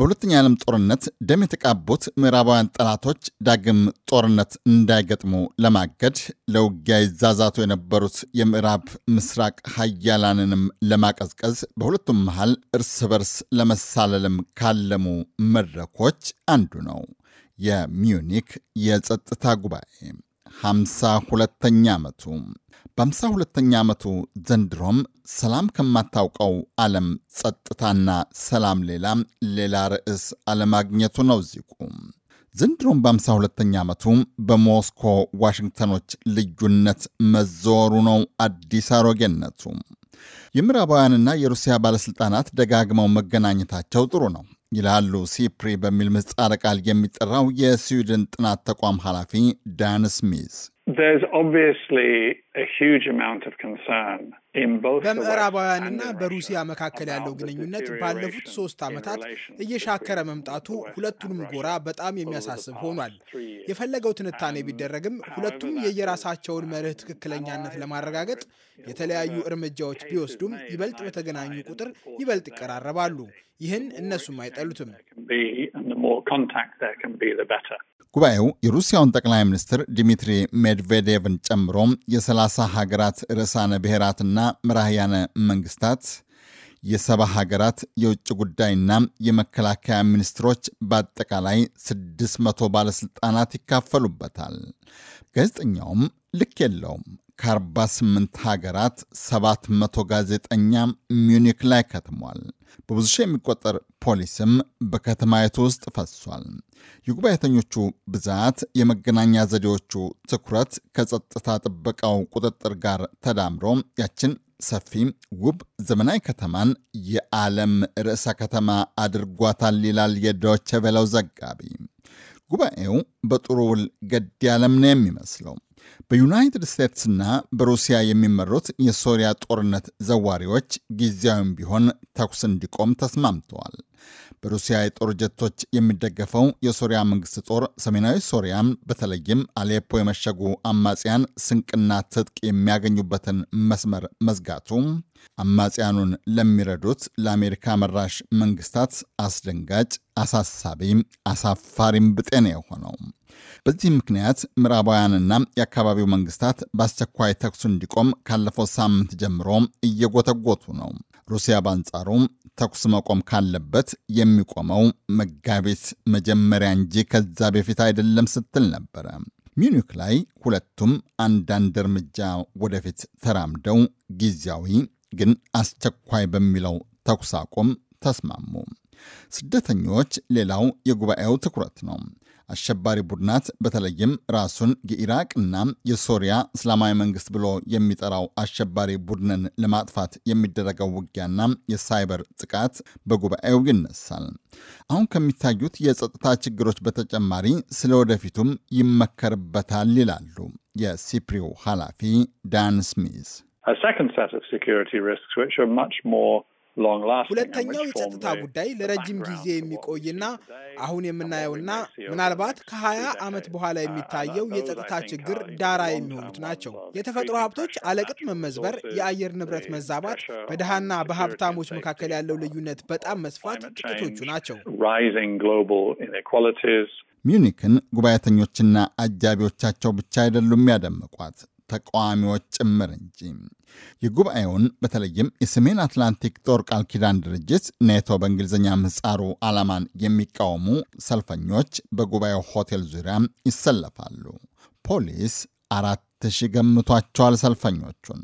በሁለተኛ የዓለም ጦርነት ደም የተቃቡት ምዕራባውያን ጠላቶች ዳግም ጦርነት እንዳይገጥሙ ለማገድ ለውጊያ ይዛዛቱ የነበሩት የምዕራብ ምስራቅ ሀያላንንም ለማቀዝቀዝ በሁለቱም መሃል እርስ በርስ ለመሳለልም ካለሙ መድረኮች አንዱ ነው የሚዩኒክ የጸጥታ ጉባኤ። ሃምሳ ሁለተኛ ዓመቱ በሃምሳ ሁለተኛ ዓመቱ ዘንድሮም ሰላም ከማታውቀው ዓለም ጸጥታና ሰላም ሌላ ሌላ ርዕስ አለማግኘቱ ነው ዚቁ። ዘንድሮም በሃምሳ ሁለተኛ ዓመቱ በሞስኮ ዋሽንግተኖች ልዩነት መዘወሩ ነው አዲስ አሮጌነቱ። የምዕራባውያንና የሩሲያ ባለሥልጣናት ደጋግመው መገናኘታቸው ጥሩ ነው። ይላሉ ሲፕሪ በሚል ምህጻረ ቃል የሚጠራው የስዊድን ጥናት ተቋም ኃላፊ ዳን ስሚዝ። በምዕራባውያንና በሩሲያ መካከል ያለው ግንኙነት ባለፉት ሶስት ዓመታት እየሻከረ መምጣቱ ሁለቱንም ጎራ በጣም የሚያሳስብ ሆኗል። የፈለገው ትንታኔ ቢደረግም ሁለቱም የየራሳቸውን መርህ ትክክለኛነት ለማረጋገጥ የተለያዩ እርምጃዎች ቢወስዱም ይበልጥ በተገናኙ ቁጥር ይበልጥ ይቀራረባሉ። ይህን እነሱም አይጠሉትም። ጉባኤው የሩሲያውን ጠቅላይ ሚኒስትር ዲሚትሪ ሜድቬዴቭን ጨምሮ የ30 ሀገራት ርዕሳነ ብሔራትና መራህያነ መንግስታት የሰባ ሀገራት የውጭ ጉዳይና የመከላከያ ሚኒስትሮች በአጠቃላይ 600 ባለሥልጣናት ይካፈሉበታል። ጋዜጠኛውም ልክ የለውም። ከ48 ሀገራት 700 ጋዜጠኛ ሚዩኒክ ላይ ከትሟል። በብዙ ሺህ የሚቆጠር ፖሊስም በከተማይቱ ውስጥ ፈሷል። የጉባኤተኞቹ ብዛት፣ የመገናኛ ዘዴዎቹ ትኩረት ከጸጥታ ጥበቃው ቁጥጥር ጋር ተዳምሮ ያችን ሰፊ ውብ ዘመናዊ ከተማን የዓለም ርዕሰ ከተማ አድርጓታል ይላል የዶቸቬለው ዘጋቢ። ጉባኤው በጥሩ ውል ገድ ያለም ነው የሚመስለው። በዩናይትድ ስቴትስና በሩሲያ የሚመሩት የሶሪያ ጦርነት ዘዋሪዎች ጊዜያዊም ቢሆን ተኩስ እንዲቆም ተስማምተዋል። በሩሲያ የጦር ጀቶች የሚደገፈው የሶሪያ መንግስት ጦር ሰሜናዊ ሶሪያም በተለይም አሌፖ የመሸጉ አማጽያን ስንቅና ትጥቅ የሚያገኙበትን መስመር መዝጋቱ አማጽያኑን ለሚረዱት ለአሜሪካ መራሽ መንግስታት አስደንጋጭ፣ አሳሳቢ አሳፋሪም ብጤን የሆነው በዚህ ምክንያት ምዕራባውያንና የአካባቢው መንግስታት በአስቸኳይ ተኩሱ እንዲቆም ካለፈው ሳምንት ጀምሮ እየጎተጎቱ ነው። ሩሲያ በአንጻሩ ተኩስ መቆም ካለበት የሚቆመው መጋቢት መጀመሪያ እንጂ ከዛ በፊት አይደለም ስትል ነበረ። ሚኒክ ላይ ሁለቱም አንዳንድ እርምጃ ወደፊት ተራምደው ጊዜያዊ ግን አስቸኳይ በሚለው ተኩስ አቁም ተስማሙ። ስደተኞች ሌላው የጉባኤው ትኩረት ነው። አሸባሪ ቡድናት በተለይም ራሱን የኢራቅና የሶሪያ እስላማዊ መንግስት ብሎ የሚጠራው አሸባሪ ቡድንን ለማጥፋት የሚደረገው ውጊያና የሳይበር ጥቃት በጉባኤው ይነሳል። አሁን ከሚታዩት የጸጥታ ችግሮች በተጨማሪ ስለ ወደፊቱም ይመከርበታል ይላሉ የሲፕሪው ኃላፊ ዳን ስሚዝ። ሁለተኛው የጸጥታ ጉዳይ ለረጅም ጊዜ የሚቆይና አሁን የምናየውና ምናልባት ከሀያ ዓመት በኋላ uh, የሚታየው የጸጥታ ችግር uh, ዳራ የሚሆኑት ናቸው። የተፈጥሮ ሀብቶች አለቅጥ መመዝበር፣ የአየር ንብረት መዛባት፣ በድሃና በሀብታሞች መካከል ያለው ልዩነት በጣም መስፋት ጥቂቶቹ ናቸው። ሚኒክን ጉባኤተኞችና አጃቢዎቻቸው ብቻ አይደሉም ያደመቋት። ተቃዋሚዎች ጭምር እንጂ። የጉባኤውን በተለይም የሰሜን አትላንቲክ ጦር ቃል ኪዳን ድርጅት ኔቶ በእንግሊዝኛ ምህጻሩ ዓላማን የሚቃወሙ ሰልፈኞች በጉባኤው ሆቴል ዙሪያ ይሰለፋሉ። ፖሊስ አራት ሺህ ገምቷቸዋል ሰልፈኞቹን።